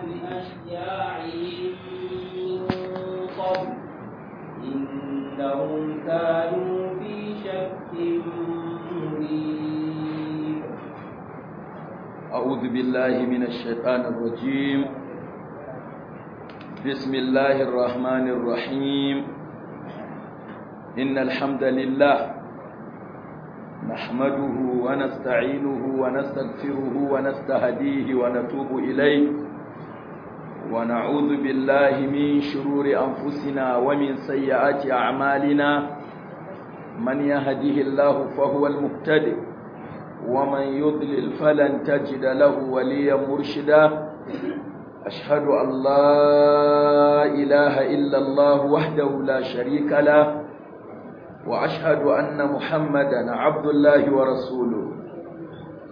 أعوذ بالله من الشيطان الرجيم بسم الله الرحمن الرحيم إن الحمد لله نحمده ونستعينه ونستغفره ونستهديه ونتوب إليه ونعوذ بالله من شرور أنفسنا ومن سيئات أعمالنا من يهديه الله فهو المهتد ومن يضلل فلن تجد له وليا مرشدا أشهد أن لا إله إلا الله وحده لا شريك له وأشهد أن محمدا عبد الله ورسوله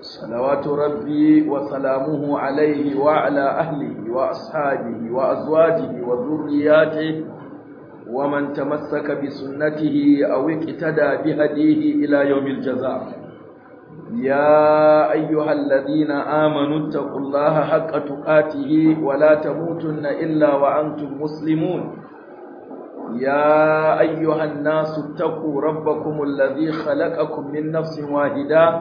صلوات ربي وسلامه عليه وعلى أهله وأصحابه وأزواجه وذرياته ومن تمسك بسنته أو اقتدى بهديه إلى يوم الجزاء يا أيها الذين آمنوا اتقوا الله حق تقاته ولا تموتن إلا وأنتم مسلمون يا أيها الناس اتقوا ربكم الذي خلقكم من نفس واحده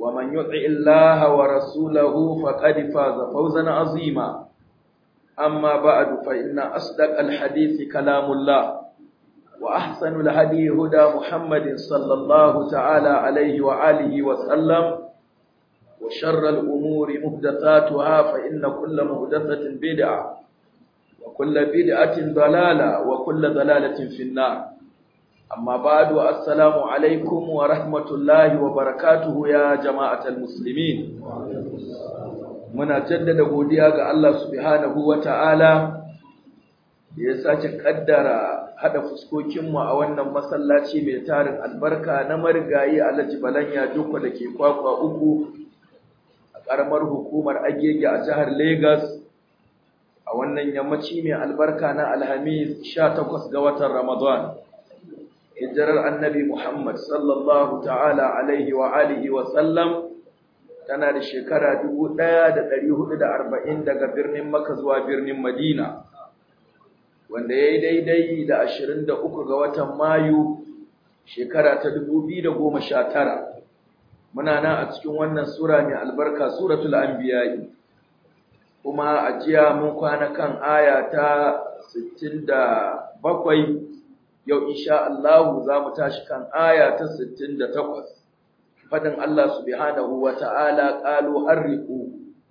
ومن يطع الله ورسوله فقد فاز فوزا عظيما أما بعد فإن أصدق الحديث كلام الله وأحسن الهدي هدى محمد صلى الله تعالى عليه وآله وسلم وشر الأمور مهدثاتها فإن كل مهدثة بدعة وكل بدعة ضلالة وكل ضلالة في النار أما assalamu alaikum wa rahmatullahi wa وبركاته ya جماعة المسلمين muna jaddada godiya ga Allah subhanahu wata'ala da ya sace kaddara hada fuskokinmu a wannan masallaci mai tarin albarka na marigayi Alhaji Balanya Jokko da ke kwakwa uku a karamar hukumar Agege a jihar Lagos a wannan yammaci mai albarka na Alhamis 18 ga watan Ramadan hijirar annabi Muhammad sallallahu ta'ala alaihi wa alihi wa sallam tana da shekara 1440 daga birnin Makka zuwa birnin Madina wanda yayi daidai da 23 ga watan Mayu shekara ta 2019 muna nan a cikin wannan sura mai albarka suratul anbiya'i kuma a jiya mun kwana kan aya ta 67 yau insha Allahu, za mu tashi kan aya ta 68 fadin Allah subhanahu ta'ala qalu harriqu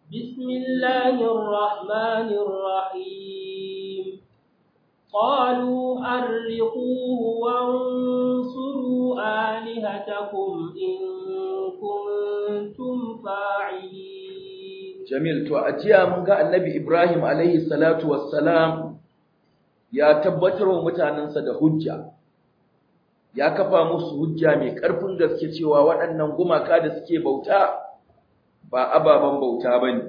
bismillahir rahmanir rahim qalu harriquhu wansuru alihatakum in kuntum fa'ilin jamil to ajiya mun ga annabi Ibrahim alaihi salatu wassalam ya tabbatar wa mutanensa da hujja ya kafa musu hujja mai ƙarfin gaske cewa waɗannan gumaka da suke bauta ba ababen bauta ba ne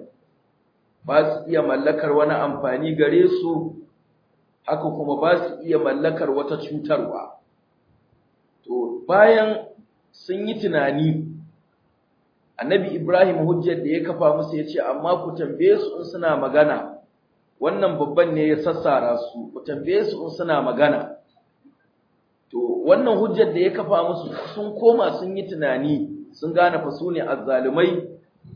ba su iya mallakar wani amfani gare su haka kuma ba su iya mallakar wata cutarwa to bayan sun yi tunani annabi ibrahim hujjar da ya kafa musu ya ce amma ku tambaye su in suna magana wannan babban ne ya sassara su ku tambaye su in suna magana to wannan hujjar da ya kafa musu sun koma sun yi tunani sun gane fa su ne azzalumai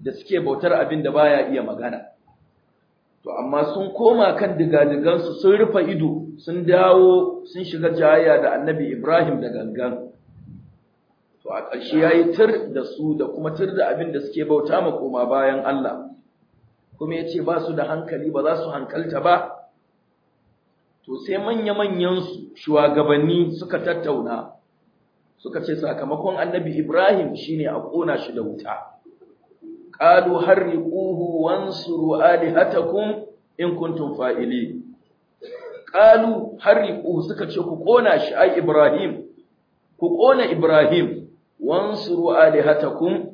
da suke bautar abin da baya iya magana to amma sun koma kan su sun rufe ido sun dawo sun shiga jayayya da annabi Ibrahim da gangan to a ƙarshe yayi tir da su da kuma tir da abin da suke bauta ma koma bayan Allah kuma ya ce ba su da hankali ba za su hankalta ba to sai manya-manyan shugabanni suka tattauna suka ce sakamakon annabi ibrahim shine a kona shi da wuta ƙalu harriquhu wansuru alihatakum in kuntum fa'ili ƙalu harriquhu suka ce ku kona shi ai ibrahim ku ƙona ibrahim wansuru alihatakum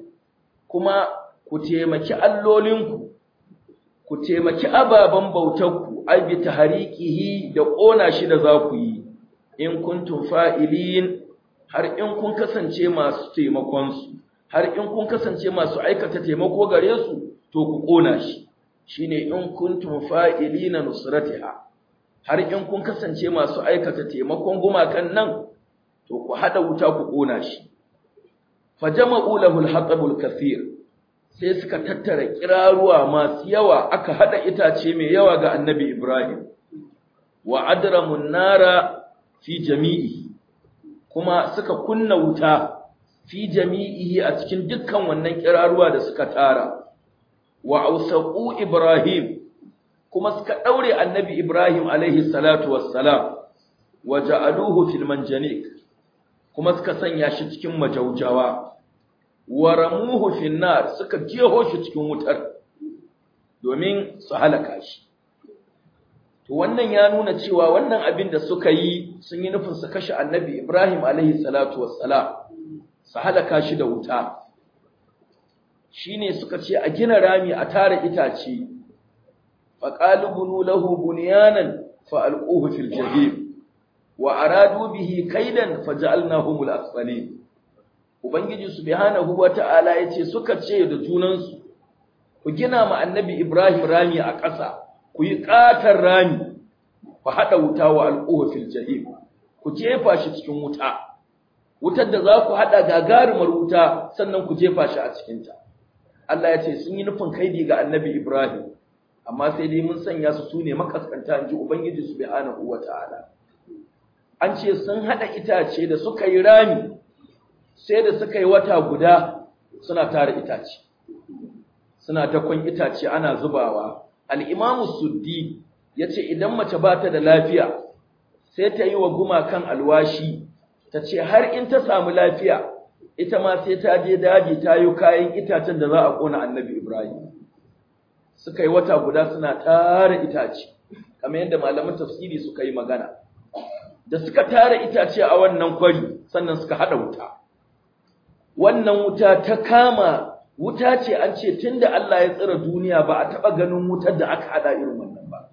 kuma ku taimaki allolinku ku taimaki ababen bautarku ai bi tahriqihi da ƙona shi da za ku yi in kuntum fa'ilin har in kun kasance masu taimakon su har in kun kasance masu aikata taimako gare su to ku ƙona shi shine in kuntum na nusratiha har in kun kasance masu aikata taimakon gumakan nan to ku hada wuta ku ƙona shi fajama'u lahul hatabul kathir sai suka tattara kiraruwa masu yawa aka hada itace mai yawa ga annabi Ibrahim wa adramun nara fi jami'i kuma suka kunna wuta fi jami'i a cikin dukkan wannan kiraruwa da suka tara wa ausaku Ibrahim kuma suka daure annabi Ibrahim alaihi salatu wassalam wa ja'aluhu fil manjanik kuma suka sanya shi cikin majaujawa wa ramuhu finnar suka jeho shi cikin wutar domin su halaka shi to wannan ya nuna cewa wannan abin da suka yi sun yi nufin su kashe annabi Ibrahim alaihi salatu wassalam su halaka shi da wuta shine suka ce a gina rami a tara itace fa qalubunu lahu bunyanan fa alquhu fil jahim wa aradu bihi kaidan faj'alnahum al-asfalin Ubangiji subhanahu ta'ala ya ce suka ce da junansu, ku gina ma annabi Ibrahim rami a ƙasa, ku yi ƙatar rami, ku haɗa wuta wa al'uwafil jahim, ku jefa shi cikin wuta, wutar da za ku haɗa gagarumar wuta sannan ku jefa shi a cikinta. Allah ya ce sun yi nufin kaidi ga annabi Ibrahim, amma sai dai mun sanya su su ne makaskanta in ji Ubangiji subhanahu ta'ala. An ce sun haɗa itace da suka yi rami sai da suka yi wata guda suna tara itace suna ta kun itace ana zubawa al-imamu suddi yace idan mace ba ta da lafiya sai ta yi wa gumakan alwashi tace har in ta samu lafiya ita ma sai ta je daji ta yi kayan itacen da za a kona annabi Ibrahim suka yi wata guda suna tara itace kamar yadda malaman tafsiri suka yi magana da suka tara itace a wannan kwari sannan suka hada wuta wannan wuta ta kama wuta ce an ce tunda Allah ya tsira duniya ba a taba ganin wutar da aka hada irin wannan ba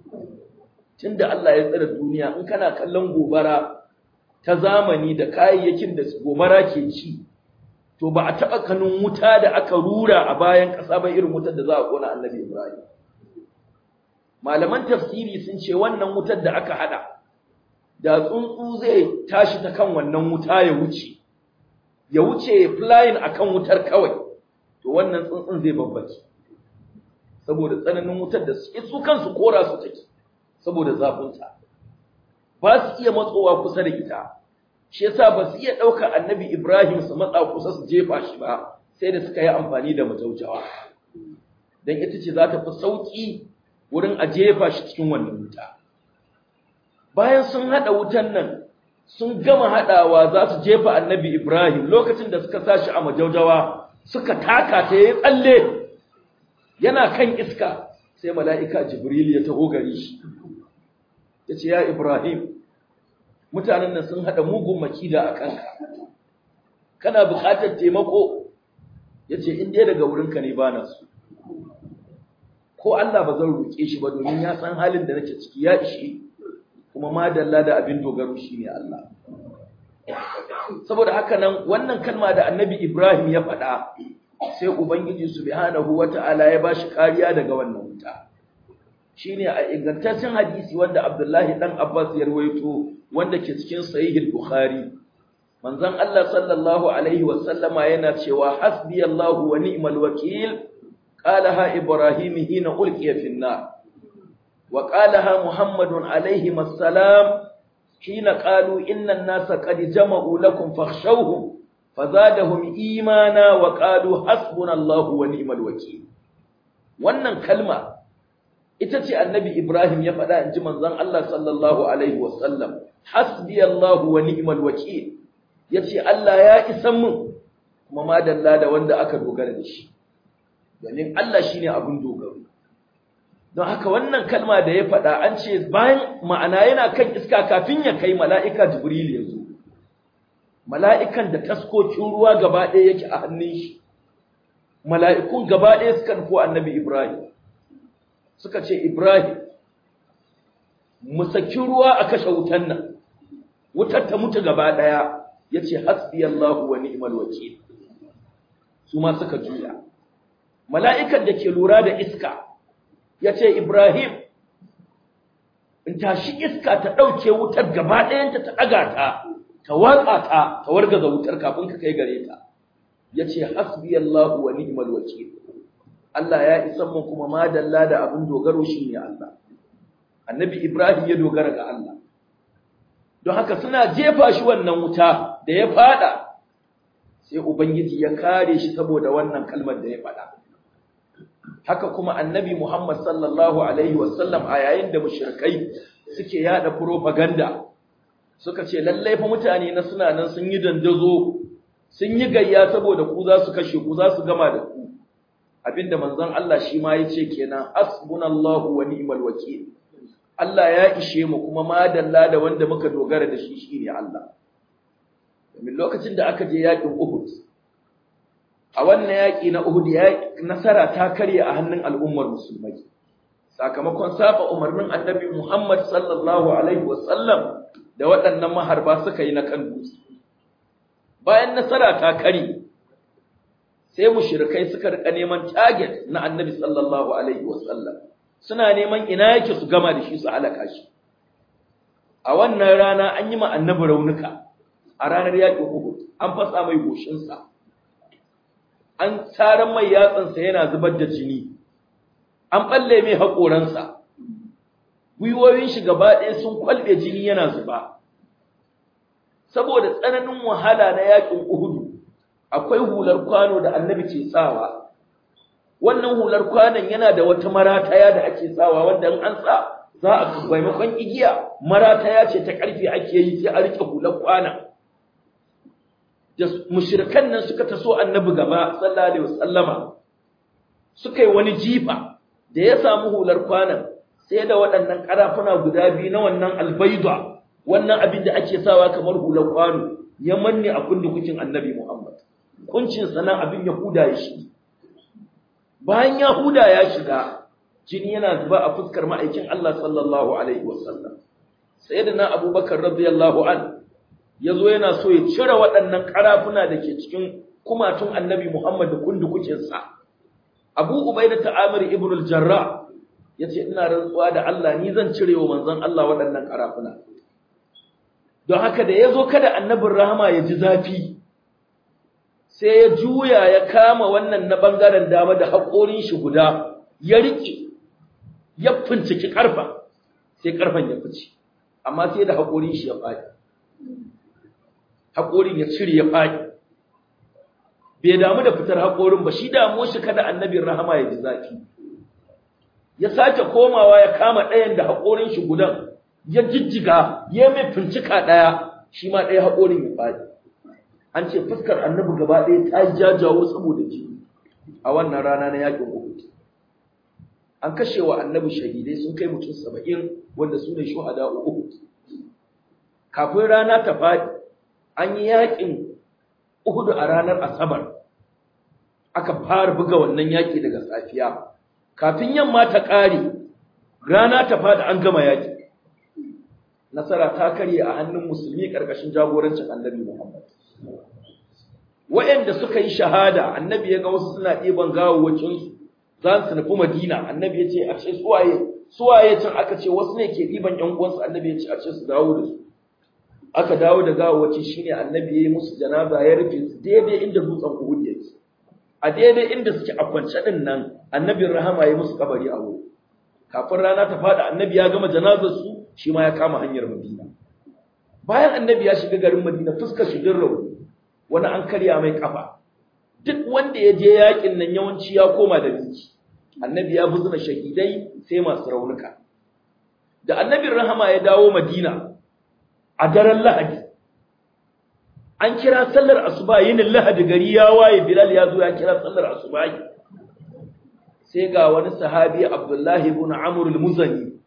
tunda Allah ya tsira duniya in kana kallon gobara ta zamani da kayayyakin da gobara ke ci to ba a taba kanin wuta da aka rura a bayan kasa ba irin wutar da za a kona Annabi Ibrahim malaman tafsiri sun ce wannan wutar da aka hada da tsuntsu zai tashi ta kan wannan wuta ya wuce ya wuce a kan wutar kawai to wannan tsuntsun zai babbaki saboda tsananin wutar da su kansu kora su take saboda zafinta ba su iya matsowa kusa da ita shi yasa ba su iya ɗauka annabi Ibrahim su matsa kusa su jefa shi ba sai da suka yi amfani da majaujawa don ita ce za ta fi sauƙi wurin a jefa shi cikin wannan wuta bayan sun haɗa wutan nan sun gama haɗawa za su jefa annabi Ibrahim lokacin da suka sashi a majaujawa suka taka ta ya tsalle yana kan iska sai mala'ika Jibril ya taho gari shi ya ce ya Ibrahim mutanen nan sun haɗa mugun makida a kanka kana buƙatar taimako ya ce in dai daga wurinka ne ba na su ko Allah ba zan roƙe shi ba domin ya san halin da nake ciki ya ishi kuma madalla da abin dogaro shine Allah saboda haka nan wannan kalma da annabi Ibrahim ya faɗa sai ubangiji subhanahu ala ya bashi kariya daga wannan wuta shine a ingantaccen hadisi wanda Abdullahi Ɗan Abbas ya rawaito wanda ke cikin sahihul Bukhari manzon Allah sallallahu alaihi wa sallama yana cewa hasbiyallahu wa ni'mal wakil qalaha ibrahim hina ulqiya fin وقالها محمد عليه السلام حين قالوا إن الناس قد جمعوا لكم فاخشوهم فزادهم إيمانا وقالوا حسبنا الله ونعم الوكيل wannan kalma ita ce annabi Ibrahim ya faɗa in ji manzon Allah sallallahu alaihi wasallam hasbiyallahu wa ni'mal wakeel yace Allah ya isan mun kuma ma dalla da wanda aka dogara da shi domin Allah shine abin dogara don haka wannan kalma da ya faɗa an ce bayan ma'ana yana kan iska kafin ya kai mala'ika jibril ya zo mala'ikan da taskokin ruwa gaba ɗaya yake a hannun shi mala'ikun gaba ɗaya suka ko annabi ibrahim suka ce ibrahim mu saki ruwa a kashe wutan nan wutar ta mutu gaba ɗaya ya ce hasbiyallahu wa ni'mal wakil su ma suka juya mala'ikan da ke lura da iska ya ce Ibrahim in tashi iska ta ɗauke wutar gaba ɗayanta ta ɗaga ta ta watsa ta ta wargaza wutar kafin ka kai gare ta ya ce Allah wa ni'mal wakil Allah ya isa mu kuma madalla da abin dogaro shi ne Allah annabi Ibrahim ya dogara ga Allah don haka suna jefa shi wannan wuta da ya fada sai ubangiji ya kare shi saboda wannan kalmar da ya faɗa. haka kuma annabi Muhammad sallallahu alaihi wasallam a yayin da mushrikai suke yada propaganda suka ce lallai fa mutane na suna nan sun yi dandazo sun yi gayya saboda ku za su kashe ku za su gama da ku abinda manzon Allah shi ma yace kenan hasbunallahu wa ni'mal wakeel Allah ya ishe mu kuma madalla da wanda muka dogara da shi shine Allah domin lokacin da aka je yakin Uhud a wannan yaƙi na Uhud nasara ta karye a hannun al'ummar musulmai sakamakon saba umarnin annabi Muhammad sallallahu alaihi wasallam da waɗannan maharba suka yi na kan dutse bayan nasara ta karye sai mushrikai suka rika neman target na annabi sallallahu alaihi wasallam suna neman ina yake su gama da shi su halaka shi a wannan rana an yi ma annabi raunuka a ranar yaƙin Uhud an fasa mai goshinsa an tsaran mai yatsansa yana zubar da jini an balle mai haƙoransa gwiwoyin shi gaba ɗaya sun kwalbe jini yana zuba saboda tsananin wahala na yaƙin uhudu akwai hular kwano da annabi ke tsawa wannan hular kwanon yana da wata marataya da ake tsawa wanda an tsa za a maimakon igiya marataya ce ta ƙarfi ake yi sai a riƙe hular kwanon da mushirikan nan suka taso annabi gaba sallallahu alaihi wasallama suka yi wani jifa da ya samu hular kwana sai da waɗannan karafuna guda biyu na wannan albaidwa wannan abin da ake sawa kamar hular kwano ya manne a kundukucin annabi Muhammad kuncin sanan abin ya huda ya shi bayan ya huda ya shiga jini yana zuba a fuskar ma'aikin Allah sallallahu alaihi wasallam sayyidina Abubakar radiyallahu an ya zo yana so ya cire waɗannan ƙarafuna da ke cikin kumatun annabi Muhammad da sa Abu Ubaida ta Ibn al-Jarrah ya ce, Ina rantsuwa da Allah, ni zan cire wa manzon Allah waɗannan ƙarafuna. Don haka da ya zo kada annabin rahama ya ji zafi, sai ya juya ya kama wannan na ɓangaren dama da haƙorin shi guda, ya riƙe, ya finciki ƙarfa, sai ƙarfan ya fice, amma sai da haƙorin shi ya faɗi. haƙorin ya cire ya faɗi bai damu da fitar haƙorin ba shi damu shi kada annabin rahama ya ji zafi ya sake komawa ya kama ɗayan da haƙorin shi gudan ya jijjiga ya mai fincika ɗaya shi ma ɗaya haƙorin ya faɗi an ce fuskar annabi gaba ɗaya ta yi jajawo saboda ji a wannan rana na yaƙin uhud an kashe wa annabi shahidai sun kai mutum saba'in wanda su ne shuhada uhud kafin rana ta faɗi an yi yakin Uhudu a ranar Asabar aka fara buga wannan yaki daga safiya kafin yamma ta kare rana ta fada an gama yaki nasara ta karye a hannun musulmi karkashin jagorancin Annabi Muhammad wa'anda suka yi shahada annabi ya ga wasu suna ɗiban gawawwacin su za su nufi Madina annabi ya ce a ce suwaye suwaye can aka ce wasu ne ke ɗiban ƴan uwansu annabi ya ce a ce su dawo da su aka dawo da gawawaci shine annabi yayi musu janaba ya rufe su daidai inda dutsen Uhud yake a daidai inda suke a kwance din nan annabin rahama yayi musu kabari a wuri kafin rana ta fada annabi ya gama janazar su shi ma ya kama hanyar Madina bayan annabi ya shiga garin Madina fuskar shi din rauni wani an karya mai kafa duk wanda ya je yakin nan yawanci ya koma da biki annabi ya buzuna shahidai sai masu raunuka da annabin rahama ya dawo Madina a daren lahadi an kira sallar asuba yinin lahadi gari ya waye bilal ya zo ya kira sallar asuba sai ga wani sahabi abdullahi ibn amr al-muzani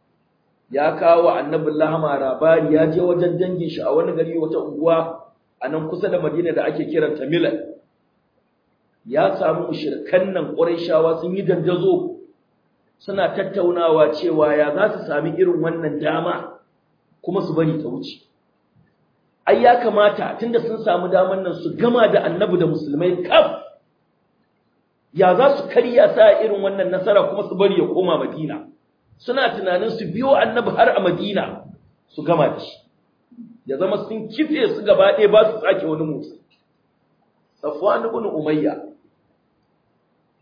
ya kawo annabi lahama labari ya je wajen dangin shi a wani gari wata unguwa a nan kusa da madina da ake ta milal ya samu mushrikan nan qurayshawa sun yi dandazo suna tattaunawa cewa ya za su sami irin wannan dama kuma su bari ta wuce ai ya kamata tunda sun samu daman nan su gama da annabi da musulmai kaf ya za su karya sa irin wannan nasara kuma su bari ya koma madina suna tunanin su biyo annabi har a madina su gama da shi ya zama sun kife su gaba ɗaya ba su sake wani motsi safwan ibn umayya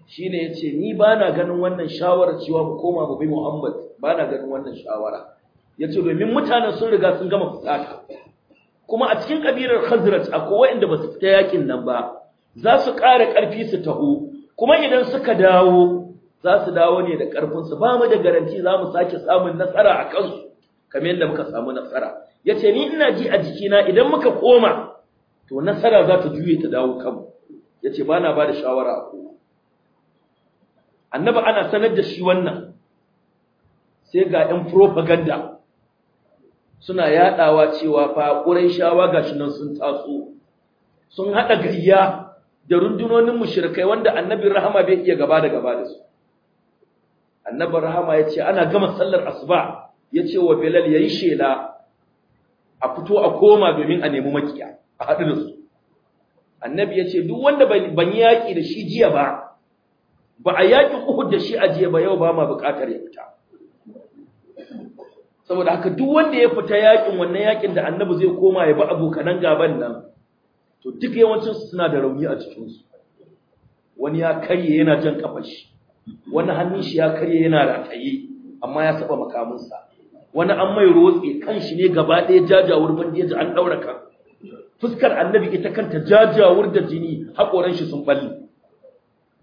shine yace ni bana ganin wannan shawara cewa ku koma ku bi muhammad bana ganin wannan shawara yace domin mutanen sun riga sun gama fusata kuma a cikin kabilar Khazraj akwai wanda ba su fita yakin nan ba za su ƙara ƙarfi su taho kuma idan suka dawo za su dawo ne da ƙarfin su ba mu da garanti za mu sake samun nasara a kansu kamar yadda muka samu nasara yace ni ina ji a jikina idan muka koma to nasara za ta juye ta dawo kanmu yace ba na bada shawara a kowa annabi ana sanar da shi wannan sai ga 'yan propaganda suna yadawa cewa fa shawa gashi nan sun taso sun hada gayya da rundunonin mushrikai wanda annabi rahama bai iya gaba da gaba da su annabi rahama ya ce ana gama sallar asuba ya ce wa bilal yayi shela a fito a koma domin a nemi makiya a haɗu da su annabi ya ce duk wanda ban yaƙi da shi jiya ba ba a yaƙi uhud da shi a jiya ba yau ba ma buƙatar ya fita saboda haka duk wanda ya fita yakin wannan yakin da annabi zai koma ya ba abokanan gaban nan to duk yawancin su suna da rauni a cikin su wani ya karye yana jan kafar shi wani hannun shi ya karye yana rataye amma ya saba makamin sa wani an mai rotse kan shi ne gaba ɗaya jajawur da an daura ka. fuskar annabi ita kanta jajawur da jini hakoran shi sun balle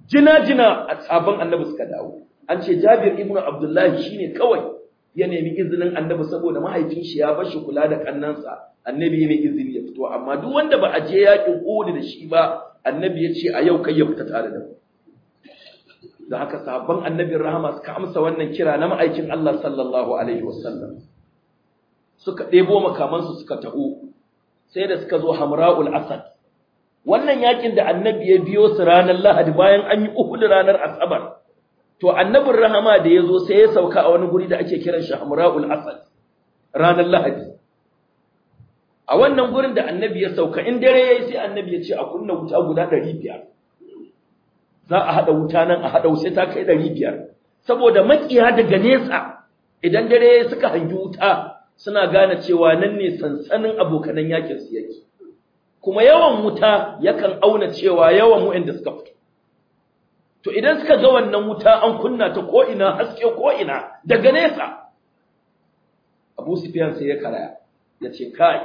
jina jina a sabon annabi suka dawo an ce Jabir ibn Abdullah shine kawai ya nemi izinin annabi saboda mahaifin shi ya bashi kula da kannansa annabi ya mai izini ya fito amma duk wanda ba a je yakin Uhud da shi ba annabi ya ce a yau kai ya fita tare da da haka sabon annabin rahama suka amsa wannan kira na ma'aikin Allah sallallahu alaihi wasallam suka ɗebo makamansu suka taho sai da suka zo hamra'ul asad wannan yakin da annabi ya biyo su ranar lahadi bayan an yi uhud ranar asabar to annabin rahama da ya zo sai ya sauka a wani guri da ake kiran shi hamra'ul asad ranar lahadi a wannan gurin da annabi ya sauka in dare yayi sai annabi ya ce a kunna wuta guda 500 za a hada wuta nan a hada sai ta kai 500 saboda makiya daga nesa idan dare yayi suka hangi wuta suna gane cewa nan ne sansanin abokanan yakin su yake kuma yawan wuta yakan auna cewa yawan mu'in da suka fito to idan suka ga wannan wuta an kunna ta ko'ina, ina haske ko daga nesa Abu Sufyan sai ya karaya ya ce kai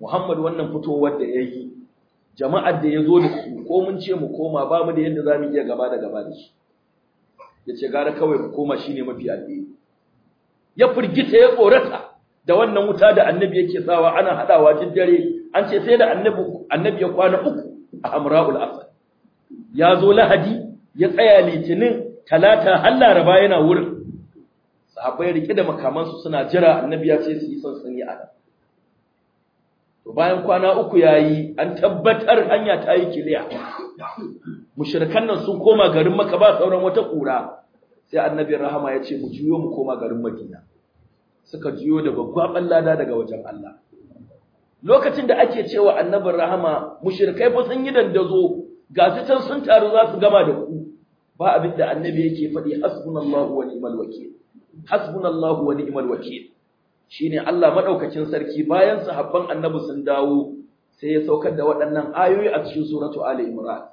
Muhammad wannan fitowar da yayi jama'ar da yazo da su ko mun ce mu koma ba mu da yadda za mu iya gaba da gaba da shi ce, gara kawai mu koma shine mafi alheri ya furgita ya tsorata da wannan wuta da annabi yake sawa ana hadawa jin dare an ce sai da annabi annabi ya kwana uku a Amra'ul Asad. ya zo Lahadi ya tsaya litinin talata har laraba yana wurin sahabbai rike da makamansu suna jira annabi ya ce su yi sansani a nan to bayan kwana uku yayi an tabbatar hanya ta yi kiliya mushrikan nan sun koma garin Makka ba sauran wata kura sai annabi rahama ya ce mu juyo mu koma garin Madina suka juyo da babban lada daga wajen Allah lokacin da ake cewa annabin rahama mushrikai ba sun yi dandazo ga su can sun taru za su gama da ba abin da annabi yake faɗi hasbunallahu wa ni'mal wakil hasbunallahu wa ni'mal wakil shine Allah madaukakin sarki bayan sahabban annabi sun dawo sai ya saukar da waɗannan ayoyi a cikin suratu ali imran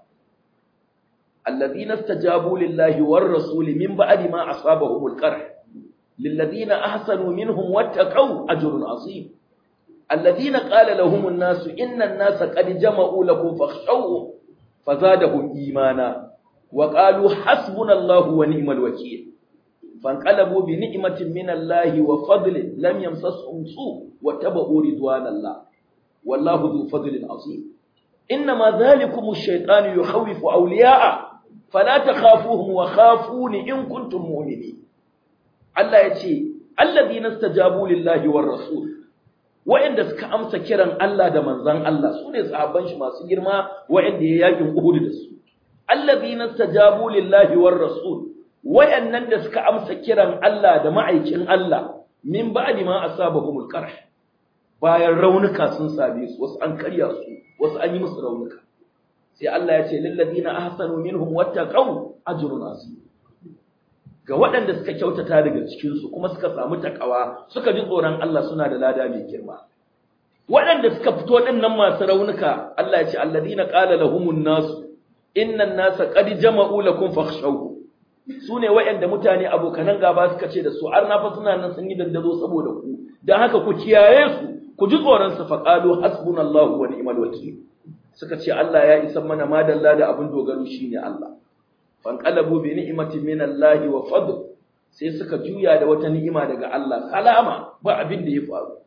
alladhina istajabu lillahi war rasul min ba'di ma asabahumul qarh lilladhina ahsanu minhum wattaqu ajrun azim alladhina qala lahumun nasu innan nasa qad jama'u lakum da fazadahum imana Waƙalu qalu hasbunallahu wa ni'mal wakeel fanqalabu bi ni'matin minallahi wa fadlin lam yamsasuhum su wa tabu ridwanallah wallahu dhu fadlin azim inma dhalikum ash-shaytanu yukhawwifu awliya'a fala takhafuhum wa khafuni in kuntum mu'minin Allah yace alladhina istajabu lillahi war rasul wa'inda suka amsa kiran Allah da manzon Allah sune sahabban shi masu girma wa'inda ya yakin Uhud da su allazina stajabu lillahi war rasul wayannan da suka amsa kiran Allah da ma'aikin Allah min ba'di ma asabahumul qarh bayan raunuka sun same su wasu an karya su wasu an yi musu raunuka sai Allah ya ce lil ahsanu minhum wattaqu ajrun azim ga waɗanda suka kyautata daga cikinsu kuma suka samu takawa suka ji tsoron Allah suna da lada mai girma waɗanda suka fito ɗinnan masu raunuka Allah ya ce alladina qala lahumun nasu innan nasa qad jama'u lakum fakhshawhu sune wayanda mutane abokanan gaba suka ce da su arna fa suna nan sun yi dandazo saboda ku dan haka ku kiyaye su ku ji tsoron su faqalu hasbunallahu wa ni'mal wakeel suka ce Allah ya isa mana madalla da abin dogaro shine Allah fanqalabu bi ni'matin minallahi wa fadl sai suka juya da wata ni'ima daga Allah salama ba abin da ya faru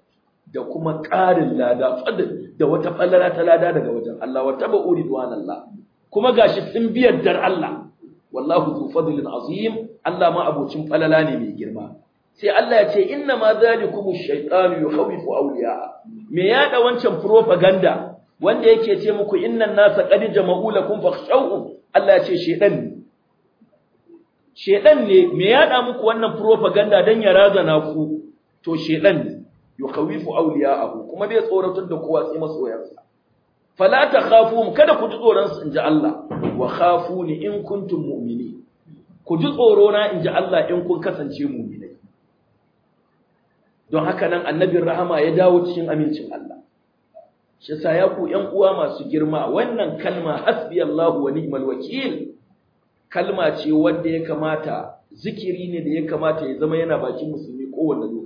da kuma ƙarin lada fadl da wata fallara ta lada daga wajen Allah wa tabu ridwanallah kuma gashi sun biyar dar Allah wallahu zu fadlin azim Allah ma abocin falala ne mai girma sai Allah ya ce inna ma zalikum ash-shaytanu yukhawifu awliya me ya da wancan propaganda wanda yake ce muku innan nasa qad jama'u lakum fakhshawhum Allah ya ce shedan shedan ne me ya da muku wannan propaganda dan ya razana ku to shedan ne yukhawifu awliya'ahu kuma bai tsoratar da kowa sai masoyansa fala takhafum kada ku ji tsoron su inji Allah wa khafuni in kuntum mu'mini ku ji tsoro na inji Allah in kun kasance mu'minai don haka nan annabin rahama ya dawo cikin amincin Allah shi sa ya ku uwa masu girma wannan kalma allah wa ni'mal wakil kalma ce wanda ya kamata zikiri ne da ya kamata ya zama yana bakin musulmi kowanne lokaci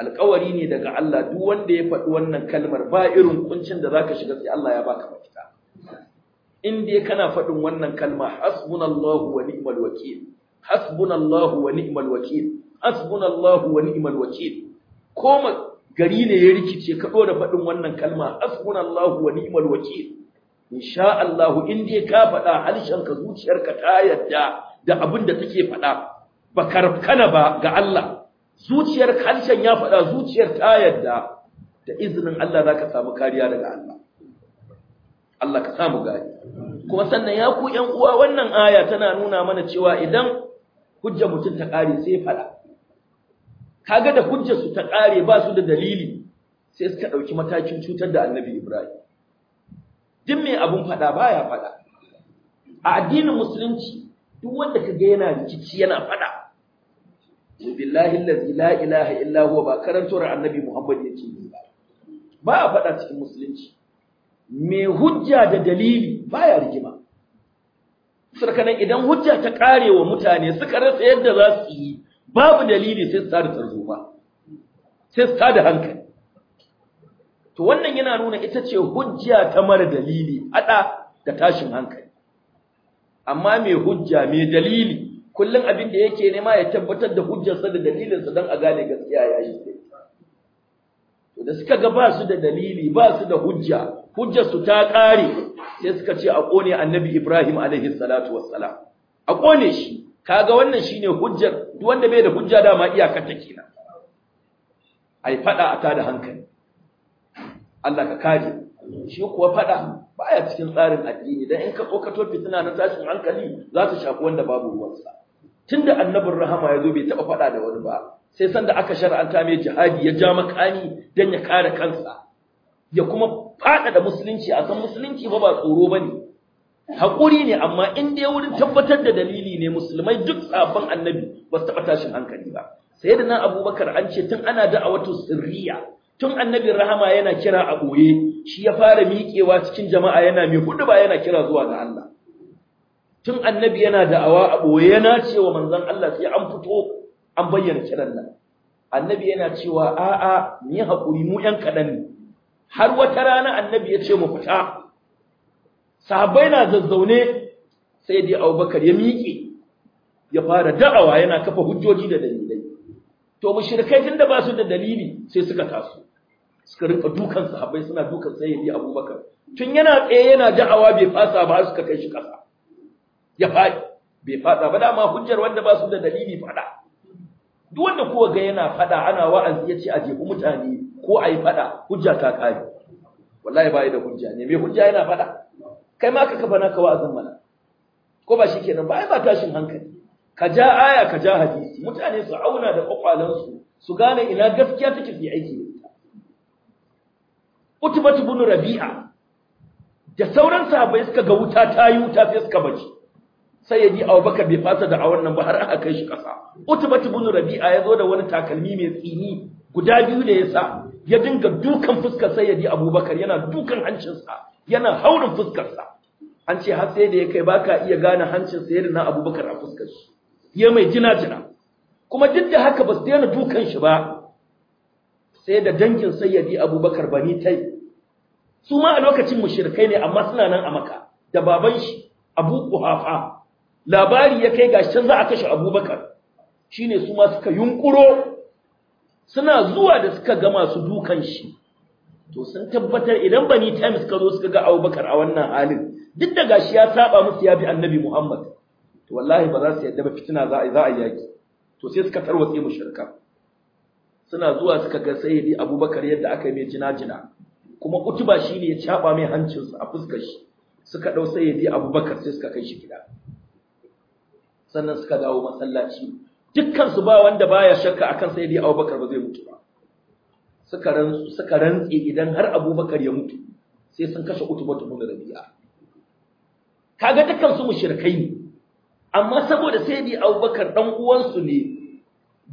alƙawari ne daga Allah duk wanda ya faɗi wannan kalmar ba irin kuncin da zaka shiga sai Allah ya baka mafita in dai kana faɗin wannan kalma hasbunallahu wa ni'mal wakil hasbunallahu wa ni'mal wakil hasbunallahu wa ni'mal wakil ko gari ne ya rikice ka da faɗin wannan kalma hasbunallahu wa ni'mal wakil insha Allah in dai ka faɗa harshen ka zuciyarka ta yadda da abin da take faɗa ba karkana ba ga Allah zuciyar harshen ya faɗa zuciyar ta yadda da izinin Allah za ka samu kariya daga Allah Allah ka samu gari kuma sannan ya ku uwa wannan aya tana nuna mana cewa idan hujja mutum ta ƙare sai faɗa kaga da hujjar su ta ƙare ba su da dalili sai suka ɗauki matakin cutar da annabi Ibrahim duk mai abun faɗa baya faɗa a addinin musulunci duk wanda ka ga yana rikici yana faɗa billahi allazi la ilaha illa huwa ba karantar annabi Muhammad yake yi ba ba a faɗa cikin musulunci me hujja da dalili baya rigima sarkanan idan hujja ta kare wa mutane suka rasa yadda za su yi babu dalili sai su tada tarzoma sai su tada hankali to wannan yana nuna ita ce hujja ta mara dalili hada da tashin hankali amma me hujja me dalili kullum abin da yake nema ya tabbatar da hujjarsa da dalilinsa don a gane gaskiya ya yi to da suka ga ba su da dalili ba su da hujja hujjarsu ta ƙare sai suka ce a ƙone annabi ibrahim alaihi salatu wassalam a ƙone shi kaga wannan shine hujjar duk wanda bai da hujja dama iyakar ta kina ai fada a tada hankali Allah ka kaje, shi kuwa fada baya cikin tsarin addini dan in ka tsokato fitina na tashin hankali za ta shafi wanda babu ruwansa Tun da annabin rahama ya zo bai taɓa faɗa da wani ba sai sanda aka shar'anta mai jihadi ya ja makani dan ya kare kansa ya kuma faɗa da musulunci a san musulunci ba ba tsoro bane ne haƙuri ne amma in dai wurin tabbatar da dalili ne musulmai duk sabon annabi ba su taɓa tashin hankali ba sai da nan abubakar an ce tun ana da'awatu sirriya tun annabin rahama yana kira a boye shi ya fara miƙewa cikin jama'a yana mai hudu ba yana kira zuwa ga Allah tun annabi yana da'awa a boye yana cewa manzon Allah sai an fito an bayyana kiran nan annabi yana cewa a'a mu yi hakuri mu yan kadan ne har wata rana annabi ya ce mu fita sahabbai na zazzaune sai dai Abubakar ya miƙe ya fara da'awa yana kafa hujjoji da dalilai to mushrikai tunda ba su da dalili sai suka taso suka rinka dukan sahabbai suna dukan sayyidi Abubakar tun yana tsaye yana da'awa bai fasa ba suka kai shi kasa ya faɗi bai faɗa ba dama hujjar wanda ba su da dalili faɗa duk wanda kowa ga yana faɗa ana wa'azi ya ce a ku mutane ko a yi faɗa hujja ta kare. wallahi ba da hujja ne mai hujja yana faɗa kai ma ka kafa ka wa'azin mana ko ba shi kenan ba ai ba tashin hankali ka ja aya ka ja hadisi mutane su auna da kwakwalansu su gane ina gaskiya take fi aiki da ita rabi'a da sauran sahabbai suka ga wuta ta yi wuta sai suka bace sayyidi abubakar bai fasa da awon nan ba har aka kai shi kasa utbat ibn rabi'a ya zo da wani takalmi mai tsini guda biyu da ya sa ya dinga dukan fuskar sayyidi abubakar yana dukan hancinsa yana haurin fuskarsa an ce har sai da ya kai baka iya gane hancin na abubakar a fuskar shi ya mai jina jina kuma duk da haka ba su daina dukan shi ba sai da dangin sayyidi abubakar bani tai su ma a lokacin mushrikai ne amma suna nan a maka da baban shi abu kuhafa labari ya kai gashi can za a kashe abubakar shine su ma suka yunkuro suna zuwa da suka ga masu dukan shi to sun tabbatar idan bani times ka zo suka ga abubakar a wannan halin duk da gashi ya saba musu ya bi annabi muhammad to wallahi ba za su yadda ba fitina za a za yaki to sai suka tarwatse mushrika suna zuwa suka ga sayyidi abubakar yadda aka yi mai jina-jina kuma utuba shine ya caba mai hancinsa a fuskar shi suka ɗau sayyidi abubakar sai suka kai shi gida sannan suka dawo masallaci dukkansu ba wanda baya shakka akan sai dai Abubakar ba zai mutu ba suka rantsu suka rantsi idan har Abubakar ya mutu sai sun kashe ta bin Rabi'a kaga dukkan su mushrikai ne amma saboda sai dai Abubakar dan uwansu ne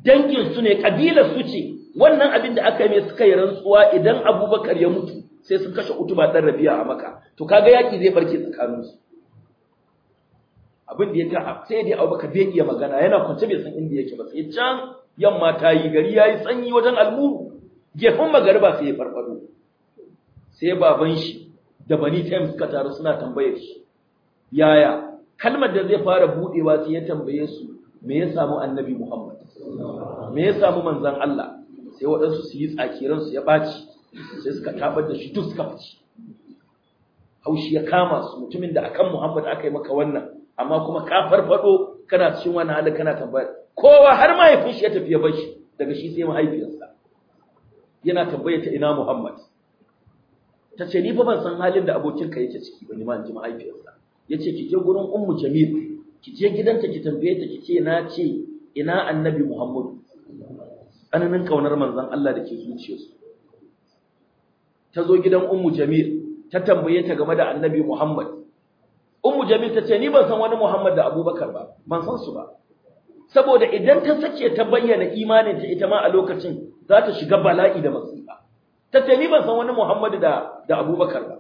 dangin su ne kabilar su ce wannan abin da aka yi mai suka yi rantsuwa idan Abubakar ya mutu sai sun kashe Utba ta Rabi'a a Makka to kaga yaki zai barke tsakaninsu abin da ya ta sai dai Abubakar bai iya magana yana kwance bai san inda yake ba sai can yamma ta yi gari yayi sanyi wajen almuru gefen magariba sai ya farfado sai baban shi da bani taim suka taru suna tambayar shi yaya kalmar da zai fara budewa sai ya tambaye su me ya samu annabi Muhammad me ya samu manzon Allah sai waɗansu su yi tsakiran su ya baci sai suka tabar da shi duk suka fice haushi ya kama su mutumin da akan Muhammad aka yi maka wannan amma kuma ka farfado kana cikin wani hali kana tambaya kowa har mahaifin shi ya tafi ya bashi daga shi sai mahaifiyarsa yana tambaya ta ina Muhammad ta ce ni fa ban san halin da abokin ka yake ciki bane ma in ji mahaifiyarsa yace ki je gurin ummu jamil ki je gidanta ki tambaye ta ki ce na ce ina annabi Muhammad ananin kaunar manzon Allah da ke zuciyarsu ta zo gidan ummu jamil ta tambaye ta game da annabi Muhammad ummu jamil ta ce ni ban san wani muhammad da abubakar ba ban san su ba saboda idan ta sake ta bayyana imaninta ita ma a lokacin za ta shiga bala'i da masifa ta ce ni ban san wani muhammad da da abubakar ba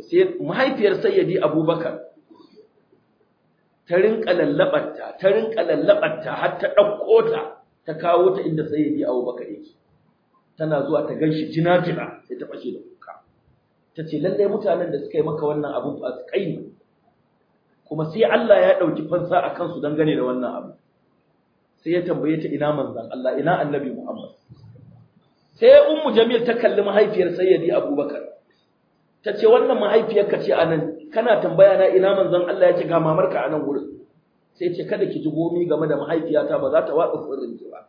sai mahaifiyar sayyidi abubakar ta rinka lallabarta ta rinka lallabarta har ta ɗauko ta ta kawo ta inda sayyidi abubakar yake tana zuwa ta ganshi jina-jina sai ta fashe da ta ce lallai mutanen da suka yi maka wannan abu a ne kuma sai Allah ya ɗauki fansa a kansu dangane da wannan abu sai ya tambaye ta ina manzan Allah ina annabi Muhammad sai ummu jamil ta kalli mahaifiyar sayyidi abubakar ta ce wannan mahaifiyar ka ce anan kana tambaya na ina manzan Allah ya ce ga mamarka anan gurin sai ce kada ki ji gomi game da mahaifiyata ba za ta watsa sirrin ki ba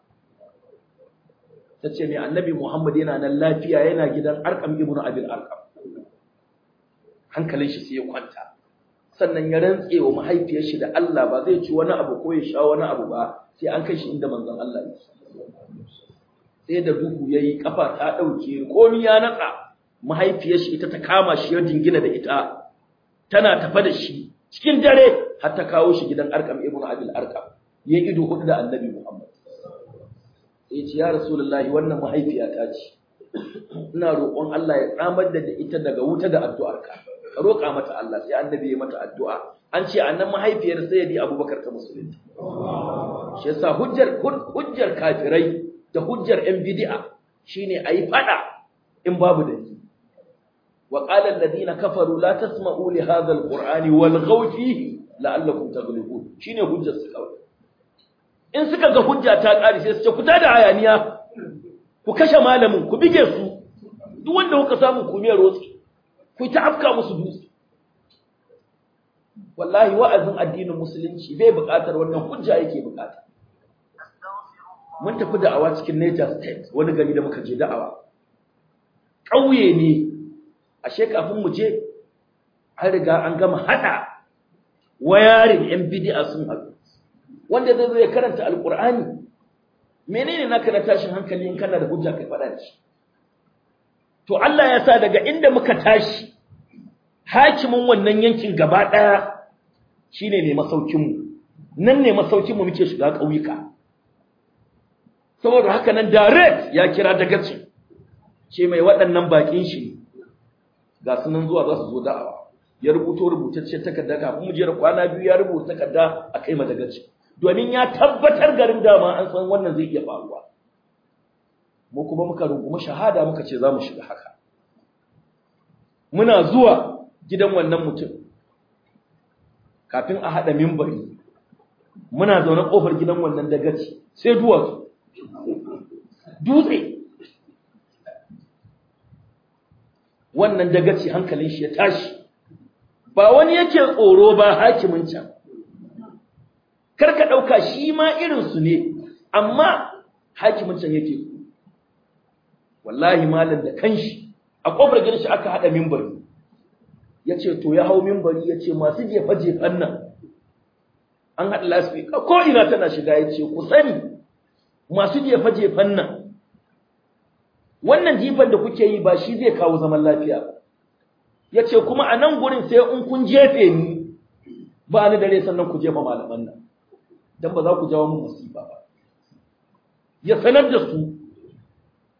ta ce mai annabi muhammad yana nan lafiya yana gidan arkam ibnu abil arkam hankalin shi sai ya kwanta sannan ya rantse wa mahaifiyar shi da Allah ba zai ci wani abu ko ya sha wani abu ba sai an kai shi inda manzon Allah yake sai da duhu yayi kafa ta dauke komi ya natsa mahaifiyar shi ita ta kama shi ya dingina da ita tana tafa da shi cikin dare har ta kawo shi gidan Arqam ibn Abil Arqam ya ido hudu da Annabi Muhammad sai ce ya Rasulullahi wannan mahaifiyata ce ina roƙon Allah ya tsamar da ita daga wuta da addu'arka ka roƙa mata Allah sai annabi ya mata addu'a an ce annan mahaifiyar sai ya abubakar ta musulunta shi yasa hujjar hujjar kafirai da hujjar yan bid'a shine ayi fada in babu dalili wa qala alladhina kafaru la tasma'u li hadha alqur'ani walghaw fihi la'allakum taghlibun shine hujjar su kawai in suka ga hujja ta ƙari sai su ce ku da hayaniya ku kashe malamin ku bige su duk wanda kuka samu kumiyar mai rotsi ku ta afka musu dutse wallahi wa'azin addinin musulunci bai buƙatar wannan hujja yake buƙata mun tafi da'awa cikin Niger State wani gari da muka je da'awa ƙauye ne ashe kafin mu je Har riga an gama hada wayarin yan bid'a sun haɗu wanda zai zo ya karanta alqur'ani menene naka na tashin hankali in kana da hujja kai faɗa da shi to Allah ya sa daga inda muka tashi hakimin wannan yankin gaba ɗaya shine ne masaukinmu nan ne mu muke shiga kauyuka saboda haka nan direct ya kira daga ce ce mai waɗannan bakin shi ga sunan zuwa za su zo da'awa ya rubuto rubutacciyar takarda kafin mu je kwana biyu ya rubuta takarda a kai madagaci domin ya tabbatar garin dama an san wannan zai iya faruwa mu kuma muka rungumi shahada muka ce za mu shiga haka muna zuwa gidan wannan mutum kafin a haɗa mimbari muna zaune ƙofar gidan wannan dagaci sai duwatsu dutse wannan dagaci hankalin shi ya tashi ba wani yake tsoro ba hakimin can karka ɗauka shi ma irinsu ne amma hakimin can yake wallahi malam da kanshi a kofar gidan shi aka hada minbari yace to ya hau minbari yace masu jefa jefan nan an hada lasfika ko ina tana shiga yace ku sani masu jefa jefan nan wannan jifan da kuke yi ba shi zai kawo zaman lafiya ba yace kuma a nan gurin sai in kun jefe ni ba ni dare sannan ku jefa malaman nan dan ba za ku jawo min musiba ba ya sanar da su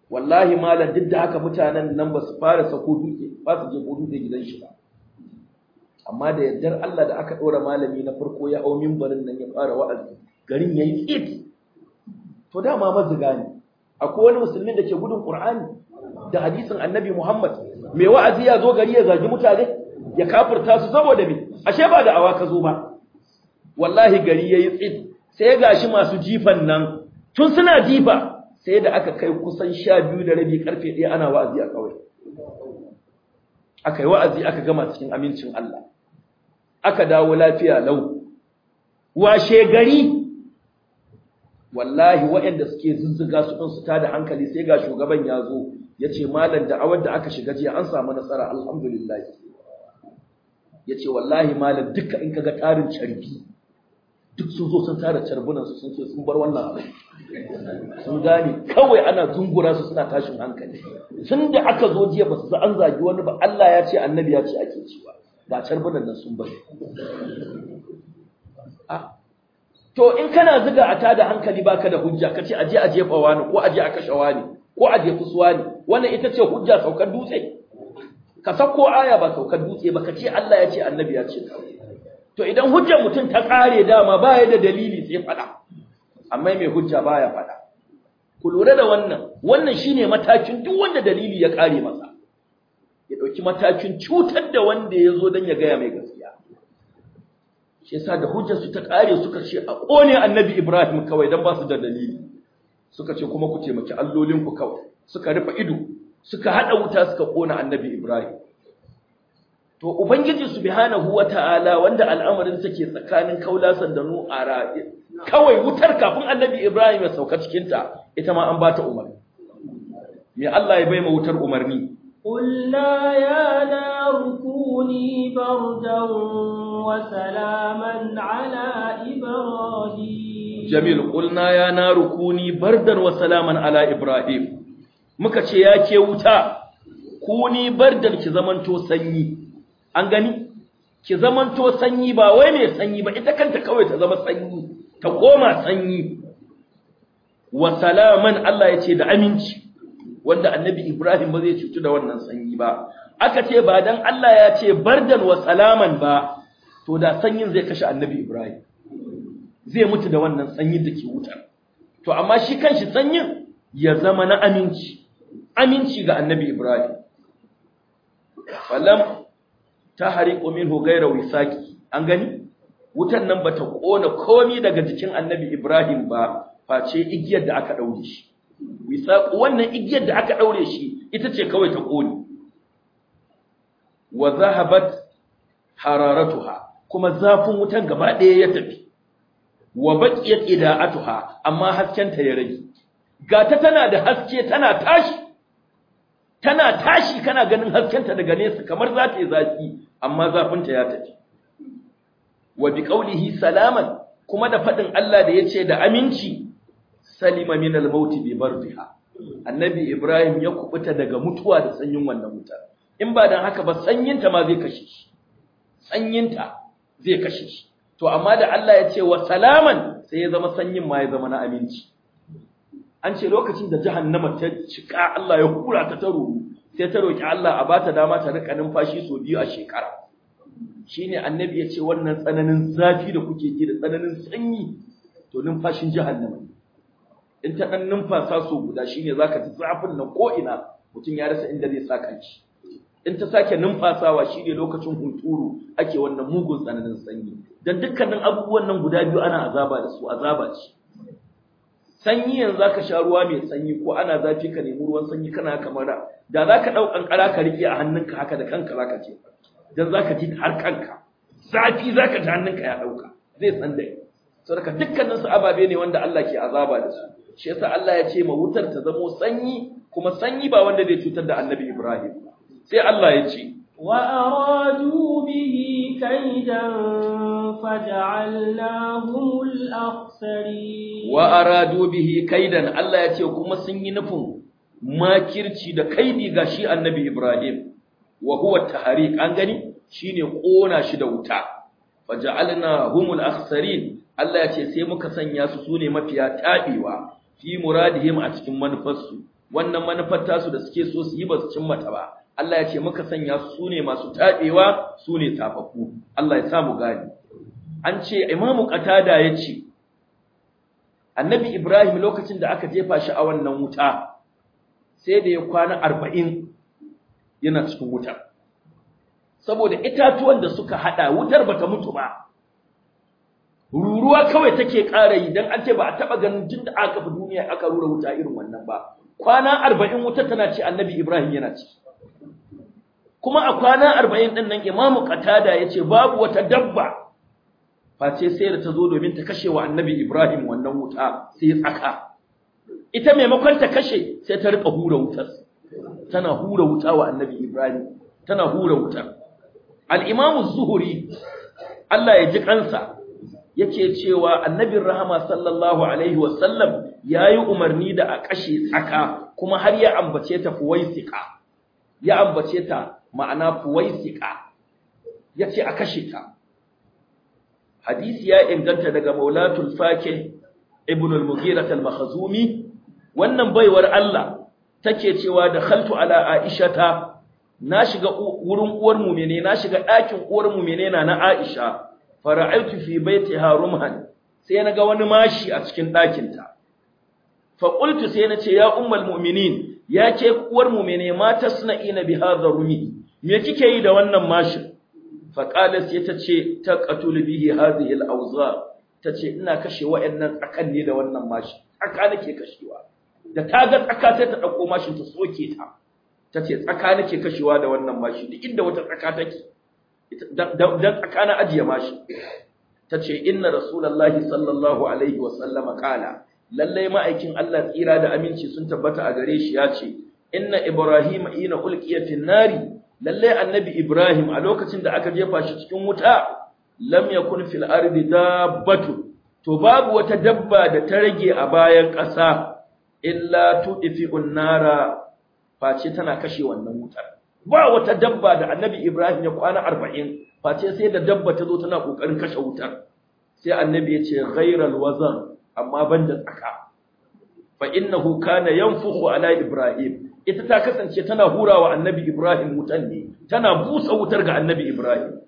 wallahi malam duk da haka mutanen nan ba su fara sako duke ba su je ko da gidan shi ba amma da yardar Allah da aka ɗora malami na farko ya au mimbarin nan ya fara wa'azi garin yayi tsit to dama maziga ne akwai wani musulmin da ke gudun Qur'ani da hadisin Annabi Muhammad me wa'azi ya zo gari ya zagi mutane ya kafirta su saboda me ashe ba da awa ka zo ba wallahi gari yayi tsit sai gashi masu jifan nan tun suna jifa sai da aka kai kusan sha biyu da rabi karfe ɗaya ana wa'azi a kawai aka yi wa'azi aka gama cikin amincin Allah aka dawo lafiya lau washe gari wallahi waɗanda suke zuzzuga su ɗin su tada hankali sai ga shugaban ya zo ya ce malam da'awar da aka shiga jiya an samu nasara alhamdulillah ya ce wallahi malam duka in ka ga ƙarin carbi duk sun zo sun tara carbunan su sun ce sun bar wannan abu sun gane kawai ana zungura su suna tashin hankali tun da aka zo jiya ba su an zagi wani ba Allah ya ce annabi ya ce ake cewa ga carbunan nan sun bar to in kana zuga a tada hankali baka da hujja kace aje aje fa wani ko aje a kashe ko aje kuswani. wani wannan ita ce hujja saukar dutse ka sako aya ba saukar dutse ba kace Allah ya ce annabi ya ce kawai to idan hujjar mutum ta kare dama baya da dalili sai faɗa, amma mai hujja ba ya faɗa. ku lura da wannan wannan shine matakin duk wanda dalili ya kare masa ya ɗauki matakin cutar da wanda ya zo dan ya gaya mai gaskiya shi yasa da hujjar su ta kare suka ce a kone annabi Ibrahim kawai dan ba su da dalili suka ce kuma ku taimaki allolin ku kawai suka rufe ido suka haɗa wuta suka kona annabi Ibrahim to ubangiji subhanahu ta'ala wanda al'amarinsa ke tsakanin kaulasan da nu'ara kawai wutar kafin annabi ibrahim ya sauka cikinta, ita ma an bata umarni me Allah ya bai ma wutar umarni قلنا يا نار كوني بردا وسلاما على إبراهيم جميل قلنا يا نار كوني بردا muka ce ya ke wuta kuni bardan ki zamanto sanyi an gani ki zamanto sanyi ba wai mai sanyi ba ita kanta kawai ta zama sanyi ta koma sanyi wa salaman Allah ya ce da aminci wanda annabi Ibrahim ba zai cutu da wannan sanyi ba aka ce ba dan Allah ya ce bardan wa salaman ba to da sanyin zai kashe annabi Ibrahim zai mutu da wannan sanyin da ke wutar to amma shi kanshi sanyin ya zama na aminci aminci ga annabi Ibrahim falam tahriqu minhu ghayra wisaki, an gani wutan nan bata kona komi daga jikin annabi Ibrahim ba face igiyar da aka daure shi wisaqu wannan igiyar da aka daure shi ita ce kawai ta koni wa zahabat hararatuha kuma zafin wutan gaba ɗaya ya tafi wa baqiyat ida'atuha amma haskenta ya rage gata tana da haske tana tashi tashi kana ganin haskenta daga nesa kamar za ta yi zafi amma zafinta ya tafi wa bi qawlihi salaman kuma da fadin Allah da yace da aminci salima min al-maut bi bardiha annabi Ibrahim ya kubuta daga mutuwa da sanyin wannan wuta in ba dan haka ba sanyinta ma zai kashe shi sanyinta zai kashe shi to amma da Allah ya ce wa salaman sai ya zama sanyin ma ya zama na aminci an ce lokacin da jahannama ta cika Allah ya kura ta ta ruru sai ta roki Allah a bata dama ta riƙa numfashi sau biyu a shekara shine annabi ya ce wannan tsananin zafi da kuke ji da tsananin sanyi to numfashin jahannama ne in ta dan numfasa so guda shine zaka ji zafin nan ko ina mutum ya rasa inda zai saka shi in ta sake numfasawa shine lokacin hunturu ake wannan mugun tsananin sanyi dan dukkanin abubuwan nan guda biyu ana azaba da su azaba ce sanyi yanzu ka sha ruwa mai sanyi ko ana zafi ka nemi ruwan sanyi kana kamar da zaka dau kankara ka rike a hannunka haka da kanka zaka ce dan zaka ji har kanka zafi zaka ji hannunka ya ɗauka. zai tsalle saboda dukkanin su ababe ne wanda Allah ke azaba da su shi yasa Allah ya ce ma wutar ta zamo sanyi kuma sanyi ba wanda zai cutar da Annabi Ibrahim sai Allah ya ce وأرادوا به كيدا فجعلناهم الأخسرين وأرادوا به كيدا الله يتيكم سنينفهم ما كيرتي دا كيدي غشي النبي إبراهيم وهو التحريك أنجني شيني قونا شدوتا فجعلناهم الأخسرين الله ya ce sai muka sanya su sune mafiya tabewa fi muradihim wannan manufar tasu da suke so su yi ba su cimma ta ba Allah ya ce muka sanya su ne masu tabewa su ne tafafu Allah ya sa mu gani an ce imamu qatada ya ce annabi ibrahim lokacin da aka jefa shi a wannan wuta sai da ya kwana 40 yana cikin wuta saboda itatuwan da suka haɗa wutar bata mutu ba ruruwa kawai take ƙara yi dan an ce ba a taɓa ganin tunda aka fi duniya aka rura wuta irin wannan ba kwana 40 wuta tana ce annabi ibrahim yana ciki kuma a kwana arba'in din nan imamu qatada ya ce babu wata dabba face sai da tazo domin ta kashe wa annabi ibrahim wannan wuta sai tsaka ita maimakon ta kashe sai ta rika hura wutar tana hura wuta wa annabi ibrahim tana hura wutar al-imamu zuhuri Allah ya ji kansa yake cewa annabin rahama sallallahu alaihi wasallam ya yi umarni da a kashe tsaka kuma har ya ambace ta fuwaisika ya ambace ta ma'ana kuwaisika ya ce a kashe ta hadisi ya inganta daga maulatul fake ibn al-mughirat al-makhzumi wannan baiwar Allah take cewa da khaltu ala ta. na shiga wurin uwar menene, na shiga ɗakin uwar mu na na aisha fara'aitu fi baitiha rumhan sai naga wani mashi a cikin ɗakinta fa qultu sai nace ya ummul mu'minin ya ce uwar mumene ma tasna'ina bi hadha rumi me kike yi da wannan mashin faqalat ya tace taqatul bihi hadhihi al-awza tace ina kashe wayannan tsakan ne da wannan mashin tsaka nake kashewa da ta ga tsaka sai ta dauko mashin ta soke ta tace tsaka nake kashewa da wannan mashin duk inda wata tsaka take dan tsakana na ajiye mashin tace inna rasulullahi sallallahu alaihi wa sallama qala lalle ma'aikin Allah tsira da aminci sun tabbata a gare shi ya ce inna ibrahima ina ulqiya fin nari lalle annabi Ibrahim a lokacin da aka jefa shi cikin wuta lam yakun fil ardi dabbatu to babu wata dabba da ta rage a bayan ƙasa illa tudifiun nara face tana kashe wannan wutar ba wata dabba da annabi Ibrahim ya kwana 40 face sai da dabba ta zo tana kokarin kashe wutar sai annabi ya ce ghairal wazan amma banda tsaka fa innahu kana yanfukhu ala ibrahim ita ta kasance tana hurawa annabi Ibrahim wutan ne tana busa wutar ga annabi Ibrahim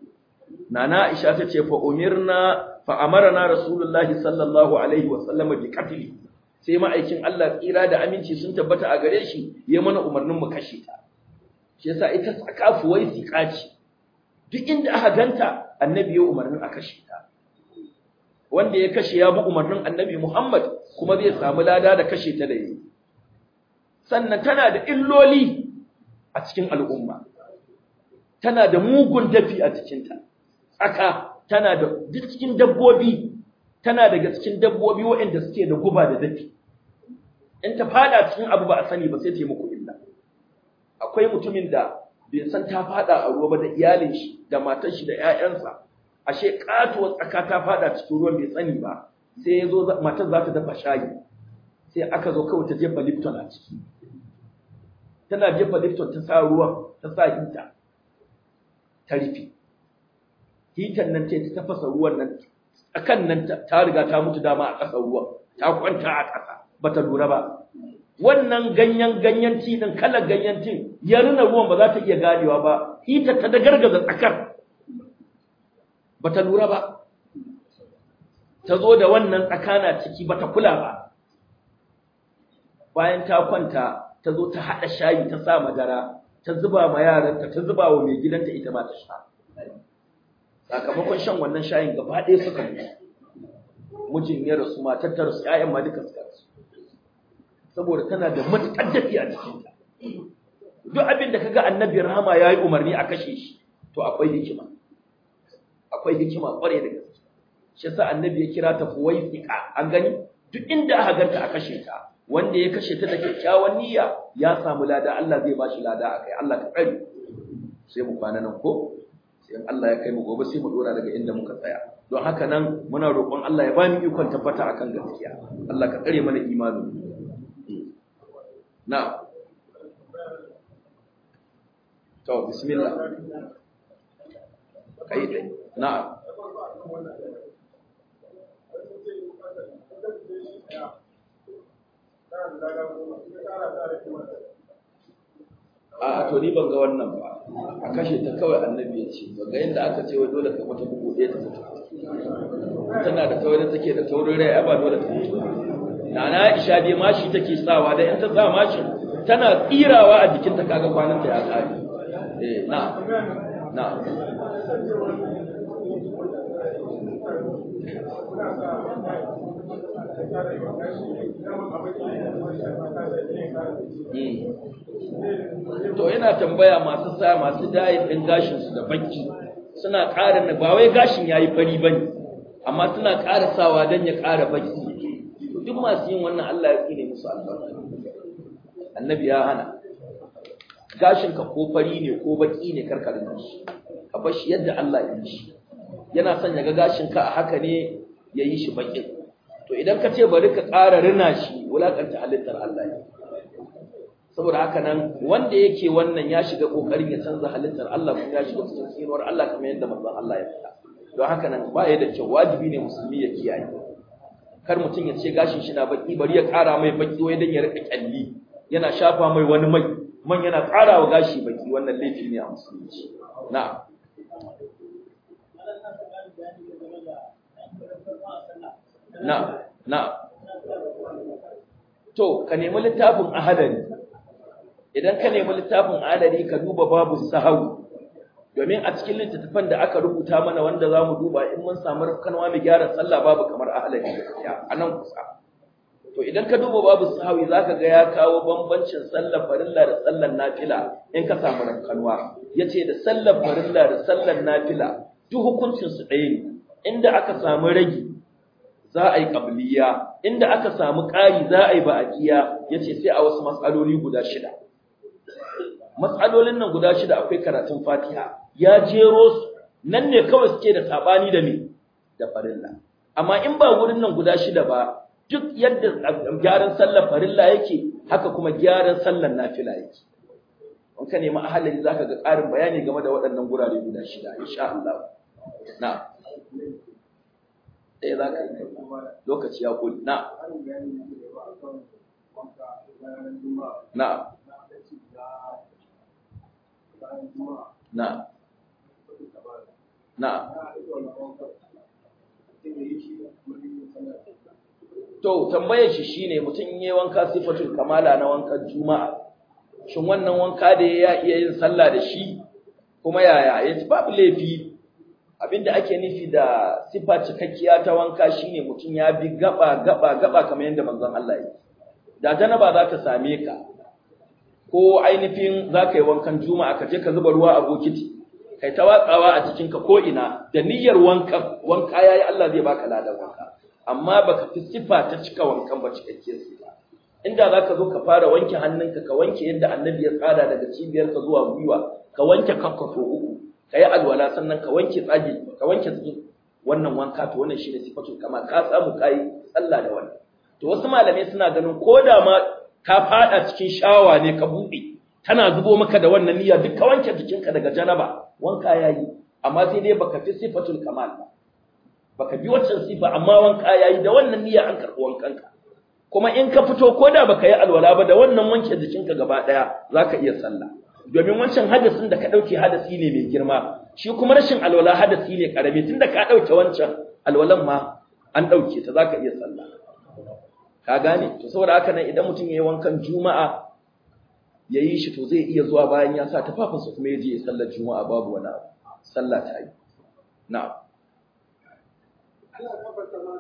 nana Aisha ta ce fa umirna na rasulullahi sallallahu alaihi wasallam bi qatli sai ma'aikin Allah tsira da aminci sun tabbata a gare shi ya mana umarnin mu kashe ta shi yasa ita tsaka fuwai ce. duk inda aka ganta annabi ya umarnin a kashe ta wanda ya kashe ya bi umarnin annabi Muhammad kuma zai samu lada da kashe ta da yi sannan tana da illoli a cikin al'umma tana da mugun dafi a cikinta aka tana da cikin dabbobi tana daga cikin dabbobi waɗanda suke da guba da dafi in ta fada cikin abu ba a sani ba sai ta yi muku illa akwai mutumin da bai san ta fada a ruwa ba da iyalin shi da matar shi da 'ya'yansa. ashe katuwar tsaka ta fada cikin ruwan bai sani ba sai ya zo matar za ta dafa shayi sai aka zo kawai ta jefa lipton a ciki tana jefa lipton ta sa ruwan ta sa hita ta rufe hitan nan ce ta tafasa ruwan nan akan nan ta riga ta mutu dama a ƙasa ruwan ta kwanta a ƙasa ba ta lura ba wannan ganyen ganyen tinin kalar ganyen tin ya rina ruwan ba za ta iya ganewa ba hitar ta da gargaza tsakar ba ta lura ba ta zo da wannan tsakana ciki ba ta kula ba bayan ta kwanta ta zo ta haɗa shayi ta sa madara ta zuba ma yaranta ta zuba wa mai gidanta ita ma ta sha sakamakon shan wannan shayin gaba ɗaya suka mutu mijin ya rasu matar ta rasu ƴaƴan ma duka suka rasu saboda tana da matuƙar dafi a ta. duk abin da kaga annabi rahama yayi umarni a kashe shi to akwai hikima akwai hikima kware da gaske shi yasa annabi ya kira ta fuwaisika an gani duk inda aka garta a kashe ta wanda ya kashe ta da kyakkyawan niyya ya samu lada Allah zai bashi lada akai Allah ka kare sai mu kwana nan ko sai Allah ya kai mu gobe sai mu dora daga inda muka tsaya don haka nan muna roƙon Allah ya bani ikon tabbata akan gaskiya Allah ka kare mana imanin na to bismillah kai dai na a to ni ban ga wannan ba a kashe ta kawai annabi ya ce ban ga yadda aka ce wai dole ka mutu bugu ɗaya ta mutu tana da da take da taurin rai ba dole ta mutu na na Aisha dai mashi take sawa da in ta sa mashi tana tsirawa a jikin ta kaga kwanan ta ya tsari eh na na Eh. to yana tambaya masu sa masu dye ɗin gashinsu da baki suna ƙara na ba wai gashin ya yi fari ba ne amma suna ƙara sawa don ya ƙara baki duk masu yin wannan Allah ya ne musu albarka annabi ya hana gashin ka ko fari ne ko baki ne karkarin shi ka bar shi yadda Allah ya yi shi yana son ya ga gashin ka a haka ne ya yi shi bakin to idan ka ce bari ka ƙara rina shi wulakanta halittar Allah ne saboda haka nan wanda yake wannan ya shiga kokarin ya canza halittar Allah kuma ya shiga cikin tsinuwar Allah kamar yadda manzon Allah ya faɗa don haka nan ba ya da kyau wajibi ne musulmi ya kiyaye kar mutum ya ce gashin shi na baki bari ya ƙara mai baki wai dan ya rika kyalli yana shafa mai wani mai man yana ƙara gashi baki wannan laifi ne a musulunci na'am na na to ka nemi littafin ahalari idan ka nemi littafin ahalari ka duba babu sahawu domin a cikin littattafan da aka rubuta mana wanda za mu duba in mun samu kanwa mai gyara sallah babu kamar ahalari ya a nan kusa to idan ka duba babu sahawi za ka ga ya kawo bambancin sallar farilla da sallar nafila in ka samu kanwa. ya ce da sallar farilla da sallar nafila duk hukuncinsu ɗaya ne inda aka samu ragi za a yi ƙabliya inda aka samu ƙari za a yi ya ce sai a wasu mas'aloli guda shida Matsalolin nan guda shida akwai karatun Fatiha ya jero su nan ne kawai suke da sabani da me da farilla amma in ba wurin nan guda shida ba duk yadda gyaran sallar farilla yake haka kuma gyaran sallar nafila yake in ka nemi za zaka ga ƙarin bayani game da waɗannan gurare guda shida insha Allah na'am ɗaya za ka yi lokaci ya kuli na na na na to tambayar shi shine mutum yayin wanka sifatu kamala na wankan juma'a shin wannan wanka da ya iya yin sallah da shi kuma yaya yace babu laifi abinda ake nufi da sifa cikakkiya ta wanka shine mutum ya bi gaba gaba gaba kamar yadda manzon Allah ya da janaba za ta same ka ko ainihin za ka yi wankan juma'a ka je ka zuba ruwa a bokiti kai ta watsawa a ka ko ina da niyyar wanka wanka yayi Allah zai baka ladan wanka amma baka fi sifa ta cika wankan ba cikakkiyar sifa inda za ka zo ka fara wanke hannunka ka wanke yadda annabi ya tsada daga cibiyarka zuwa gwiwa ka wanke kanka uku ka yi alwala sannan ka wanke tsage ka wanke tsage wannan wanka to wannan shi ne sifatul kama ka samu kai sallah da wannan to wasu malamai suna ganin ko da ma ka fada cikin shawa ne ka bude tana zubo maka da wannan niyya duk ka wanke jikinka daga janaba wanka yayi amma sai dai baka fi sifatul kamal ba baka bi waccan sifa amma wanka yayi da wannan niyya an karɓi ka kuma in ka fito ko da baka yi alwala ba da wannan wanke jikinka gaba ɗaya za ka iya sallah domin wancan hadisin da ka ɗauke hadasi ne mai girma shi kuma rashin alwala hadisi ne ƙarami da ka ɗauke wancan alwalan ma an ɗauke ta za ka iya sallah ka gane to saboda haka nan idan mutum ya yi wankan juma'a ya yi shi to zai iya zuwa bayan ya sa tafafinsa kuma ya je ya sallar juma'a babu wani sallah ta yi na'am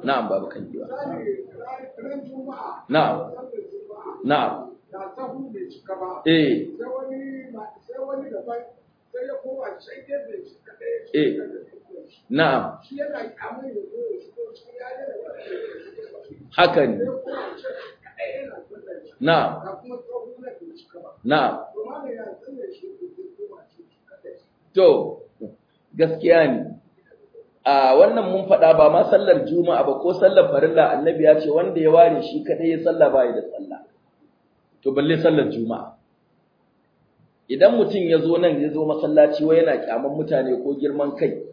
na'am babu kan jiwa na'am na'am Eh. Eh. Haka ne. Na'am. Na'am. To, gaskiya ne. a wannan mun faɗa ba ma sallar juma'a ba ko sallar farilla annabi ya ce wanda ya ware shi kaɗai ya salla ba ya da sallah to balle sallar juma'a idan mutum ya zo nan ya zo masallaci wai yana kyaman mutane ko girman kai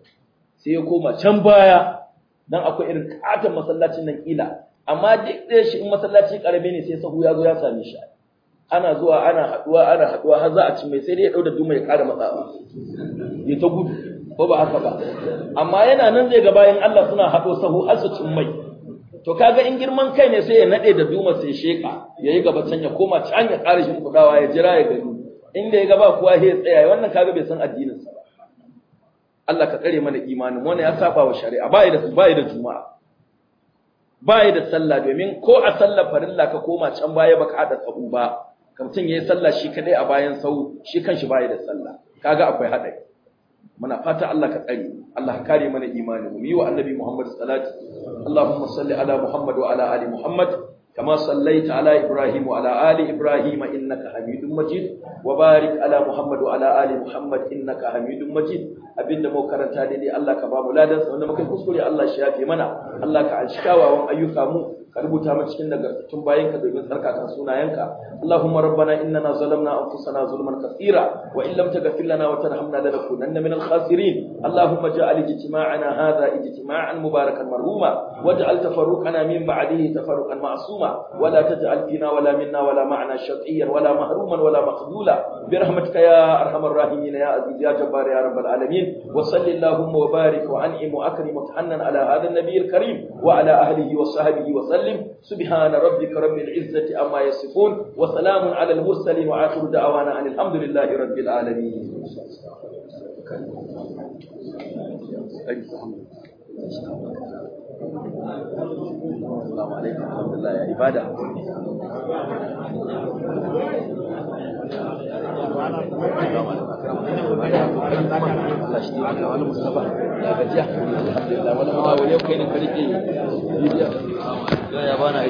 sai ya koma can baya dan akwai irin katon masallacin nan kila amma duk da shi in masallaci karami ne sai sahu ya zo ya same shi ana zuwa ana haduwa ana haduwa har za a ci mai sai dai ya dauda duma ya kara matsawa ya ta gudu ko ba haka ba amma yana nan zai ga bayan Allah suna hado sahu har su cin mai to kaga in girman kai ne sai ya nade da duma sai sheka yayi gaba can ya koma can ya ƙara shin kudawa ya jira ya gani inda ya gaba kuwa sai ya tsaya wannan kaga bai san addinin sa ba Allah ka kare mana imanin ne, ya saba wa shari'a bai da bai da juma'a bai da sallah domin ko a sallar farilla ka koma can baya baka hada tsabu ba kamtin yayi sallah shi kadai a bayan sau shi kanshi bai da sallah kaga akwai hadari muna fata Allah ka tsare Allah kare mana imani mu yi wa annabi Muhammad salati Allahumma salli ala Muhammad wa ala ali Muhammad Kama كما صليت على ala Ali Ibrahim إبراهيم إنك حميد مجيد وبارك ala محمد وعلى آل محمد إنك حميد مجيد abin Abinda mu karanta daidai Allah ka ba mu ladan wanda muka kuskure Allah shi yafe mana Allah ka alshikawa wa ayyuka mu ka rubuta mu cikin nagartattun bayanka domin tsarkaka sunayenka Allahumma rabbana innana zalamna anfusana zulman kathira wa in lam taghfir lana wa tarhamna lanakunanna minal khasirin Allahumma ja'al ijtima'ana hadha ijtima'an mubarakan marhuma waj'al tafarruqana min ba'dihi tafarruqan ma'suma wa la taj'al fina wa la minna wa la ma'na shat'iyan wa la mahruman wa la maqdula bi rahmatika ya arhamar rahimin ya aziz ya jabbar ya rabbal alamin wa salli Allahumma wa barik wa an'im wa akrim wa tahannan ala hadha an karim wa ala ahlihi wa sahbihi wa sallam المرسلين سبحان ربك رب العزة عما يصفون وسلام على المرسلين وآخر دعوانا أن الحمد لله رب العالمين Thank you. Assalamu alaikum warahmatullahi ya ibada. Allah ne Alhamdulillah ne Ya bana